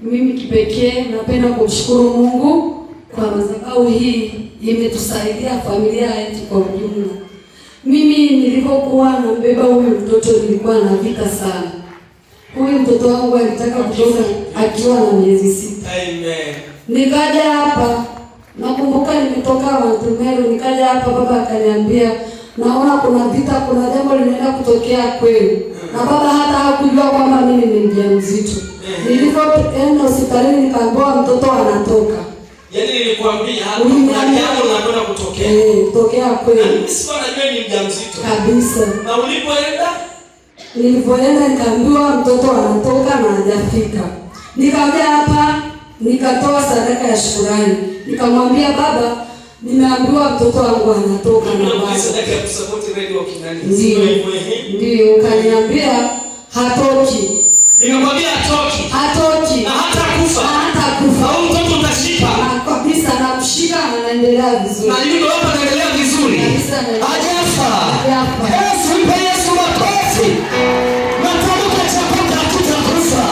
mimi kipekee napenda kumshukuru Mungu kwa madhabahu hii, imetusaidia familia yetu kwa ujumla. Mimi nilipokuwa nambeba huyu mtoto nilikuwa na vita sana. Huyu mtoto wangu alitaka kutoka akiwa na miezi sita. Amen. Nikaja hapa nakumbuka, nilitoka Mwantumelo, nikaja hapa, baba akaniambia, naona kuna vita, kuna jambo linaenda kutokea kwenu na baba hata hakujua kwamba mimi ni mjamzito. Eh. Nilipoenda hospitalini nikaambiwa mtoto anatoka. Yaani nilikwambia hapo kutokea. Eh, kutokea kweli. Yaani mimi sikuwa najua ni Kabisa. Na ulipoenda? Nilipoenda nikaambiwa mtoto anatoka na hajafika. Nikaambia hapa, nikatoa sadaka ya shukrani. Nikamwambia baba Nimeambiwa mtoto wangu anatoka na ndio ndio, eh? kaniambia hatoki. Nimekwambia hatoki, hatoki na hata kufa, na hata kufa au mtoto utashipa kabisa. na na anaendelea vizuri, na yule hapa anaendelea vizuri, hajafa. Hajafa. Yesu, mpe Yesu makofi. Natamka chapaka, hakutakufa.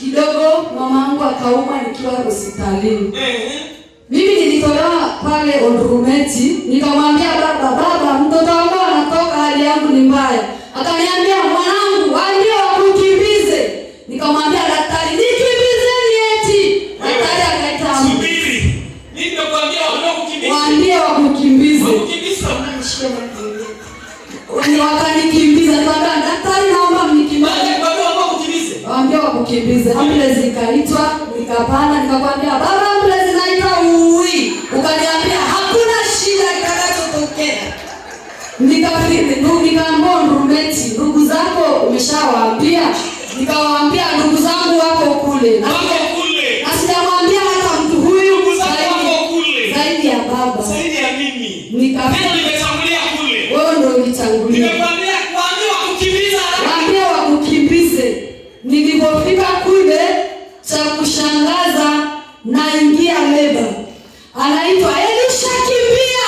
Kidogo mamangu akauma nikiwa hospitalini. Eh. eh. Mimi nilitolewa pale Odurumeti, nikamwambia baba, baba, mtoto wangu anatoka, hali yangu ni mbaya. Akaniambia mwanangu, ambia wakukimbize. Nikamwambia daktari, nikimbize eti? Daktari akaita subiri, nitakwambia wanakukimbiza, waambie wakukimbize. Wakanikimbiza, nikamwambia daktari, naomba mnikimbize, waambie wakukimbize. Ambulance ikaitwa, nikapanda, nikakwambia Nilipofika kule cha kushangaza, naingia leba, anaitwa Elisha Kimbia.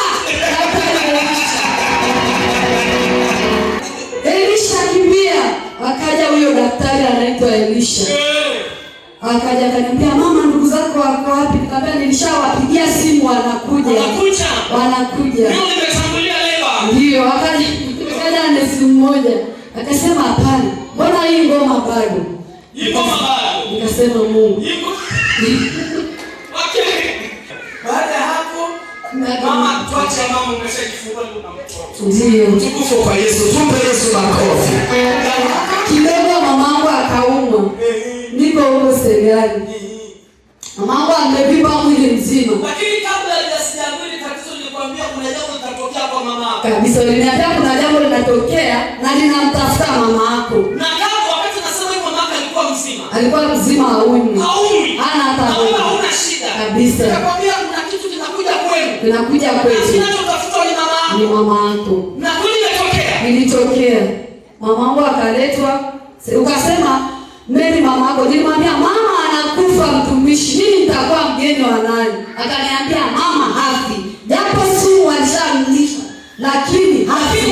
Elisha Kimbia, akaja huyo daktari anaitwa Elisha, akaja akaniambia, mama, ndugu zako wako wapi? Nikamwambia nilishawapigia simu, wanakuja wanakuja. Ndio akaja akaja na simu moja akasema, hapana, mbona hii ngoma bado nikasema Mungu. Baada ya hapo, mama tuache mama, umeshajifungua unamtoa. Ndiyo, tukufu kwa Yesu, tumpe Yesu makofi. Kidogo mamangu akaumwa, eh, eh. niko huko eh, mamangu mwili mzima, kuna jambo kwa mama kabisa. kuna jambo linatokea na linamtafuta mama alikuwa mzima, haumi hana hata hauna kabisa. Nakwambia kuna kitu kinakuja kwenu, kinakuja kwetu, kinachotafuta ni mama yako, ni mama yako. Na kweli imetokea, ilitokea, mama wangu akaletwa, ukasema Mary, mama yako. Nilimwambia mama anakufa mtumishi, mimi nitakuwa mgeni wa nani? Akaniambia mama hafi, japo sumu alishamlisha, lakini hafi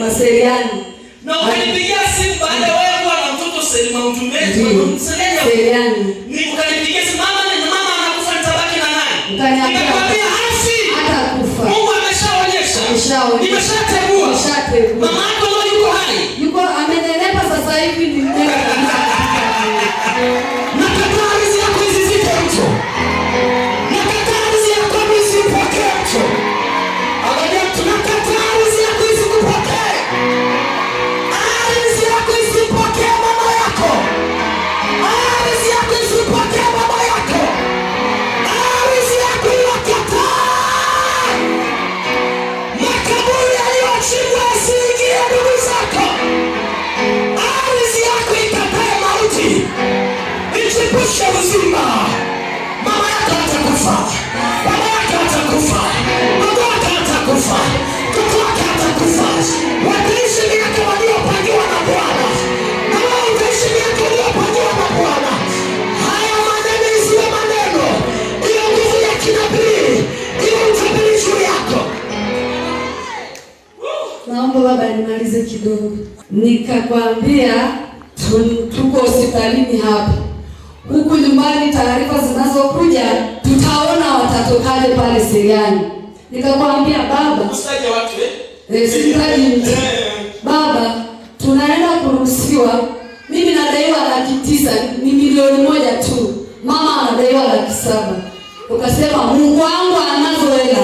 maseriani na ukanipigia simu baada ya wewe kuwa na mtoto Selma Mtume seriani, ni ukanipigia simu mama na mama anakufa, nitabaki na nani? Nikamwambia hasi hata kufa, Mungu ameshaonyesha, nimeshategua, mama yako Mwisho mzima, mama yako atakufa, baba yako atakufa, mdogo wako atakufa, mtoto wako atakufa. Wataishi miaka waliopangiwa na Bwana, na wewe utaishi miaka waliopangiwa na Bwana. Haya maneno isiwe maneno, ile nguvu ya kinabii, ile utabiri juu yako. Naomba baba nimalize kidogo, nikakwambia tuko hospitalini hapa huku nyumbani, taarifa zinazokuja tutaona watatokaje pale Seriani. Nikakwambia baba, sitaji eh? eh, eh, baba, tunaenda kuruhusiwa. Mimi nadaiwa laki tisa, ni milioni moja tu, mama anadaiwa laki saba. Ukasema Mungu wangu anazoela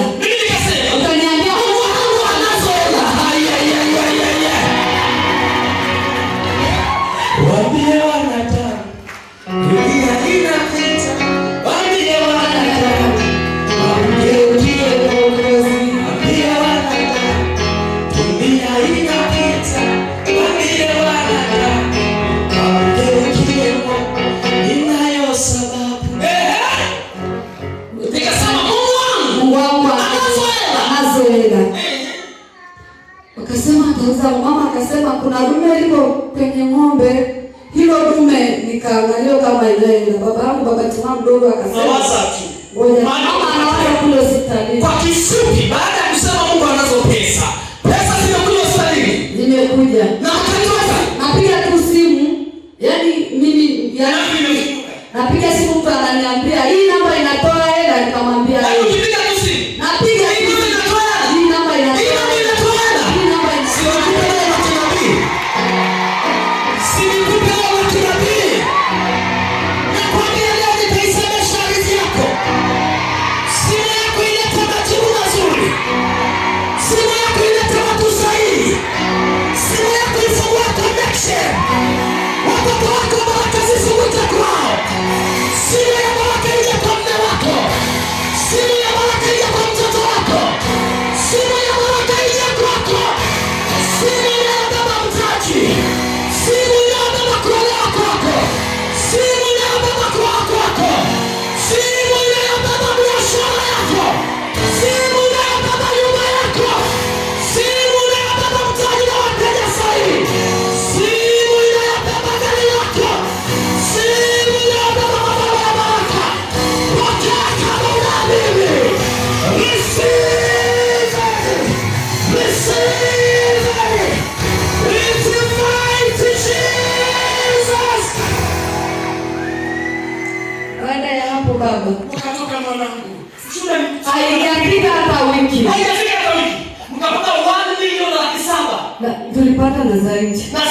kwanza mama akasema kuna dume liko kwenye ng'ombe, hilo dume nikaangalia kama inaenda. Baba yangu baba tuma mdogo akasema ngoja mama anawaja kule hospitalini. Kwa kifupi, baada ya kusema Mungu anazo pesa, pesa zimekuja hospitalini, nimekuja na akatoka. Napiga tu simu, yani mimi yani napiga simu, mtu ananiambia hii namba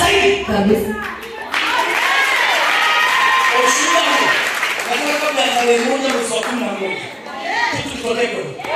sahihi kabisa. Ushuhuda. kabla ya haleluya mswakumu na Mungu. Kitu kidogo.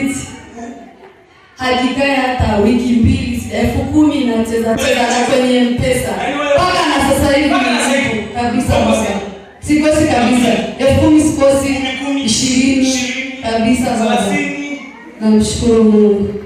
viziti hakikai hata wiki mbili, elfu kumi nacheza cheza kwenye mpesa mpaka na sasa hivi nizipo kabisa, sikosi kabisa, elfu kumi sikosi, ishirini kabisa. Namshukuru Mungu.